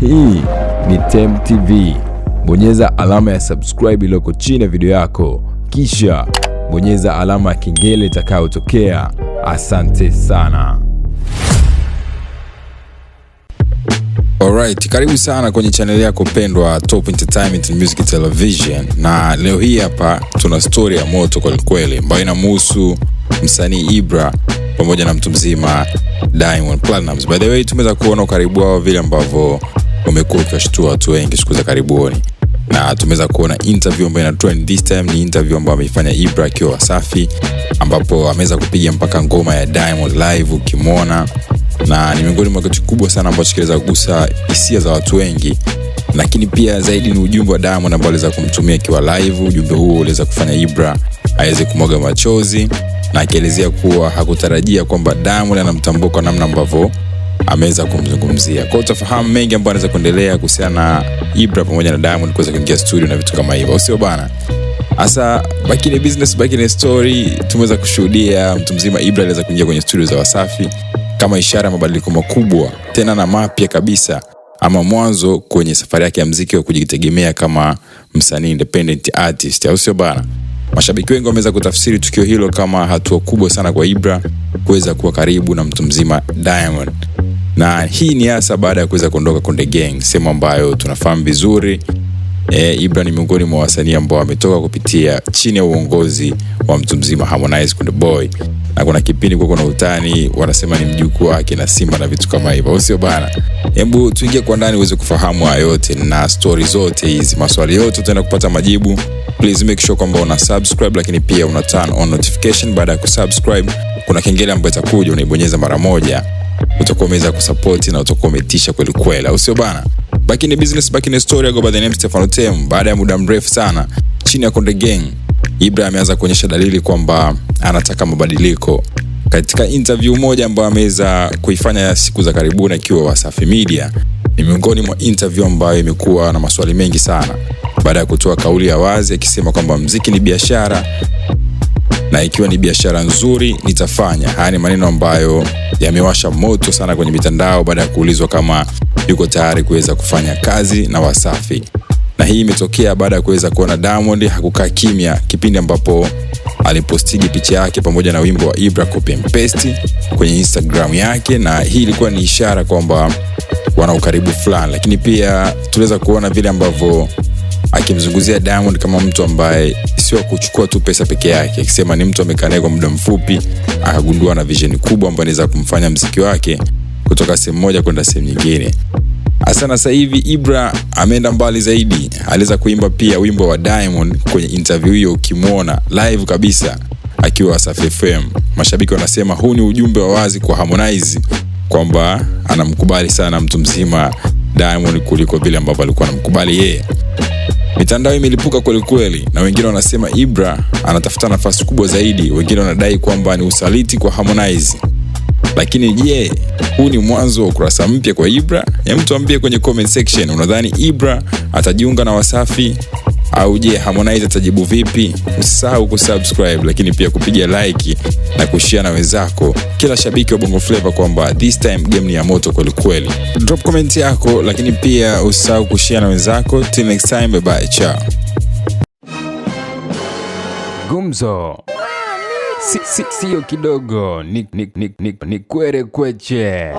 Hii ni Tem TV. Bonyeza alama ya subscribe iliyoko chini ya video yako, kisha bonyeza alama ya kengele itakayotokea. Asante sana. Alright, karibu sana kwenye chaneli yako pendwa Top Entertainment and Music Television, na leo hii hapa tuna stori ya moto kwelikweli ambayo inamhusu msanii Ibra pamoja na mtu mzima Diamond Platnumz. By the way, tumeweza kuona ukaribu wao vile ambavyo umekuwa ukiwashtua watu wengi siku za karibuni na tumeweza kuona interview ambayo ina trend this time. Ni interview ambayo ameifanya Ibra akiwa Wasafi, ambapo ameweza kupiga mpaka ngoma ya Diamond live ukimwona, na ni miongoni mwa kitu kubwa sana ambacho kiliweza kugusa hisia za watu wengi, lakini pia zaidi ni ujumbe wa Diamond ambao aliweza kumtumia akiwa live. Ujumbe huo uliweza kufanya Ibra aweze kumwaga machozi, na akielezea kuwa hakutarajia kwamba Diamond anamtambua kwa namna ambavyo ameweza kumzungumzia. Kwa hiyo utafahamu mengi ambayo anaweza kuendelea kuhusiana na Ibra pamoja na Diamond kuweza kuingia studio na vitu kama hivyo, au sio bana? Asa back in business, back in story, tumeweza kushuhudia mtu mzima Ibra aliweza kuingia kwenye studio za Wasafi kama ishara ya mabadiliko makubwa tena na mapya kabisa ama mwanzo kwenye safari yake ya mziki wa kujitegemea kama msanii independent artist, au sio bana? Mashabiki wengi wameweza kutafsiri tukio hilo kama hatua kubwa sana kwa Ibra kuweza kuwa karibu na mtu mzima Diamond na hii ni hasa baada ya kuweza kuondoka Konde Gang, sehemu ambayo tunafahamu vizuri. E, Ibra ni miongoni mwa wasanii ambao wametoka kupitia chini ya uongozi wa mtu mzima Harmonize Konde Boy, na kuna kipindi kwa kuna utani wanasema ni mjukuu wake na Simba na vitu kama hivyo, sio bana? Hebu tuingie kwa ndani uweze kufahamu hayo yote na stori zote hizi, maswali yote utaenda kupata majibu. Please make sure kwamba una subscribe, lakini pia una turn on notification. Baada ya kusubscribe, kuna kengele ambayo itakuja, unaibonyeza mara moja utakuwa umeweza kusupport na utakuwa umetisha kweli kweli, au sio bana? Back in the business, back in the story, go by the name Stefano Tem. Baada ya muda mrefu sana chini ya Konde Gang, Ibra ameanza kuonyesha dalili kwamba anataka mabadiliko. Katika interview moja ambayo ameweza kuifanya siku za karibuni akiwa Wasafi Media, ni miongoni mwa interview ambayo imekuwa na maswali mengi sana, baada ya kutoa kauli ya wazi akisema kwamba mziki ni biashara na ikiwa ni biashara nzuri nitafanya. Haya ni maneno ambayo yamewasha moto sana kwenye mitandao baada ya kuulizwa kama yuko tayari kuweza kufanya kazi na Wasafi, na hii imetokea baada ya kuweza kuona Diamond hakukaa kimya kipindi ambapo alipostigi picha yake pamoja na wimbo wa Ibra copy and paste kwenye Instagram yake, na hii ilikuwa ni ishara kwamba wana ukaribu fulani, lakini pia tunaweza kuona vile ambavyo akimzunguzia Diamond kama mtu ambaye sio kuchukua tu pesa peke yake, akisema ni mtu amekaa naye kwa muda mfupi, akagundua na vision kubwa ambayo inaweza kumfanya mziki wake kutoka sehemu moja kwenda sehemu nyingine. Hasa na sasa hivi Ibra ameenda mbali zaidi, aliweza kuimba pia wimbo wa Diamond kwenye interview hiyo, ukimwona live kabisa akiwa Wasafi FM. Mashabiki wanasema huu ni ujumbe wa wazi kwa Harmonize kwamba anamkubali sana mtu mzima Diamond kuliko vile ambavyo alikuwa anamkubali yeye. Mitandao imelipuka kwelikweli, na wengine wanasema Ibra anatafuta nafasi kubwa zaidi, wengine wanadai kwamba ni usaliti kwa Harmonize. Lakini je, huu ni mwanzo wa ukurasa mpya kwa Ibra? Hem, tuambie kwenye comment section, unadhani Ibra atajiunga na Wasafi? Au je, Harmonize atajibu vipi? Usisahau kusubscribe, lakini pia kupiga like na kushare na wenzako, kila shabiki wa Bongo Flava kwamba this time game ni ya moto kweli kweli. Drop comment yako, lakini pia usisahau kushare na wenzako. Till next time, bye bye, ciao. Gumzo siyo si, si, kidogo ni, ni, ni, ni, ni kwere kweche.